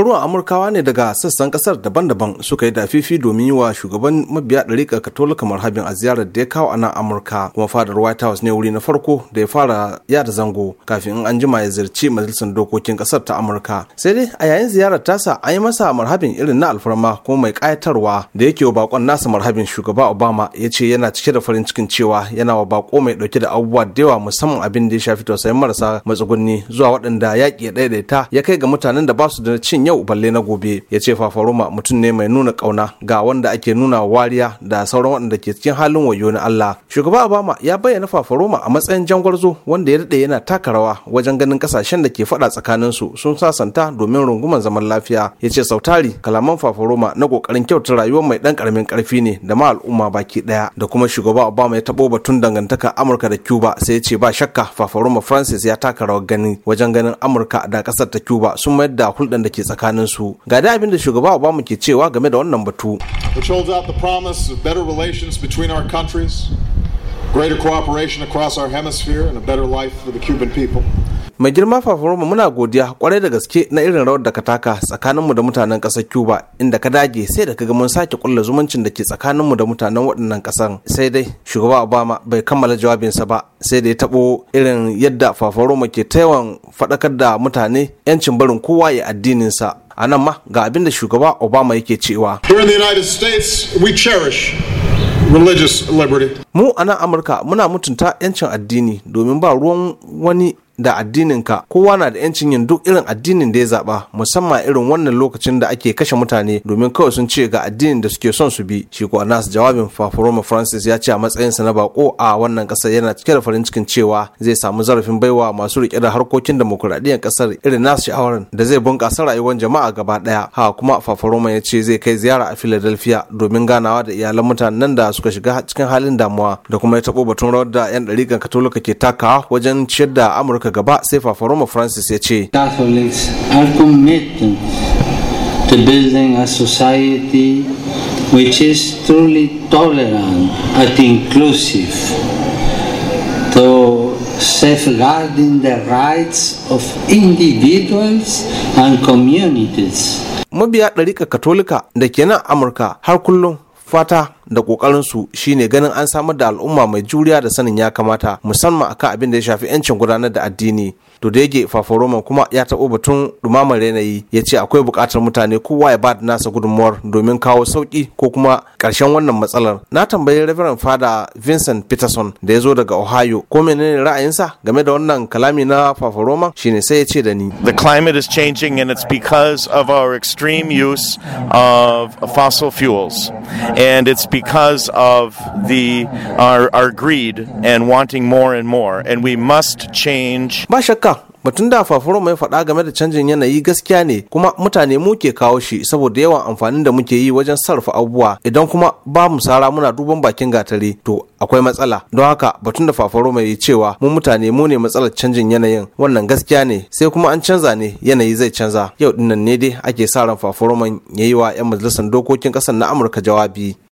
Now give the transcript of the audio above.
ruwan amurkawa ne daga sassan kasar daban-daban suka yi dafifi domin yi wa shugaban mabiya ɗarika katolika marhabin a ziyarar da ya kawo a nan amurka kuma fadar white house ne wuri na farko da ya fara yada zango kafin in an jima ya ziyarci majalisar dokokin kasar ta amurka sai dai a yayin ziyarar tasa an yi masa marhabin irin na alfarma kuma mai ƙayatarwa da yake wa bakon nasa marhabin shugaba obama ya ce yana cike da farin cikin cewa yana wa bako mai ɗauke da abubuwa da yawa musamman abin da ya shafi tausayin marasa matsugunni zuwa waɗanda yaƙi ya ɗaiɗaita ya kai ga mutanen da ba su da cin yau balle na gobe ya ce fafaruma mutum ne mai nuna kauna ga wanda ake nuna wariya da sauran waɗanda ke cikin halin wayo na Allah shugaba Obama ya bayyana fafaruma a matsayin jangwarzo wanda ya daɗe yana taka rawa wajen ganin kasashen da ke faɗa tsakanin su sun sasanta domin runguman zaman lafiya ya ce sautari kalaman fafaroma na ƙoƙarin kyautar rayuwar mai ɗan ƙaramin ƙarfi ne da ma al'umma baki ɗaya da kuma shugaba Obama ya taɓo batun dangantaka Amurka da Cuba sai ya ce ba shakka fafaroma Francis ya taka rawar gani wajen ganin Amurka da ƙasar ta Cuba sun mayar da hulɗan da ke tsakanin su ga da abin da shugaba Obama ke cewa game da wannan batu which holds out the promise of better relations between our countries greater cooperation across our hemisphere and a better life for the Cuban people mai girma fafaroma muna godiya kwarai da gaske na irin rawar da ka taka tsakaninmu da mutanen ƙasar cuba inda ka dage sai da ka ga mun sake kulla zumuncin da ke tsakaninmu da mutanen waɗannan ƙasan sai dai shugaba obama bai kammala jawabinsa ba sai da ya taɓo irin yadda fafaroma ke ta yawan faɗakar da mutane 'yancin barin kowa ya addininsa a nan ma ga abin da shugaba obama yake cewa Mu a nan Amurka muna mutunta 'yancin addini domin ba ruwan wani da addininka kowa na da yancin yin duk irin addinin da ya zaba musamman irin wannan lokacin da ake kashe mutane domin kawai sun ce ga addinin da suke son su bi shi ko nasu jawabin faforoma francis ya ce a matsayin sa na bako a wannan kasar yana cike da farin cikin cewa zai samu zarafin baiwa masu rike da harkokin demokuraɗiyyar kasar irin nasu sha'awar da zai bunkasa rayuwar jama'a gaba ɗaya ha kuma faforoma ya ce zai kai ziyara a philadelphia domin ganawa da iyalan mutanen da suka shiga cikin halin damuwa da kuma ya taɓo batun rawar da 'yan ɗarikan katolika ke takawa wajen ciyar da amurka gaba sai fafaroma francis ya ce catholics are committed to a society which is truly tolerant and inclusive to safeguarding the rights of individuals and communities mabiya ɗarika katolika da ke nan amurka har kullum fata da kokarin su shine ganin an samar da al'umma mai juriya da sanin ya kamata musamman akan abin da ya shafi 'yancin gudanar da addini to da yake faforoman kuma ya taɓo batun dumamar yanayi ya ce akwai buƙatar mutane kowa ya ba da nasa gudunmuwar domin kawo sauki ko kuma ƙarshen wannan matsalar na tambayi reverend fada vincent peterson da ya zo daga ohio ko menene ra'ayinsa game da wannan kalami na faforoman shine sai ya ce da ni the climate is changing and it's because of our extreme use of fossil fuels and it's because because of the our, our greed and wanting more and more and we must change ba shakka batun da fafuro mai faɗa game da canjin yanayi gaskiya ne kuma mutane mu ke kawo shi saboda yawan amfanin da muke yi wajen sarrafa abubuwa idan kuma ba mu sara muna duban bakin gatare to akwai matsala don haka batun da fafuro mai yi cewa mu mutane mu ne matsalar canjin yanayin wannan gaskiya ne sai kuma an canza ne yanayi zai canza yau dinnan ne dai ake sa ran fafuro mai yayi wa 'yan majalisar dokokin ƙasar na amurka jawabi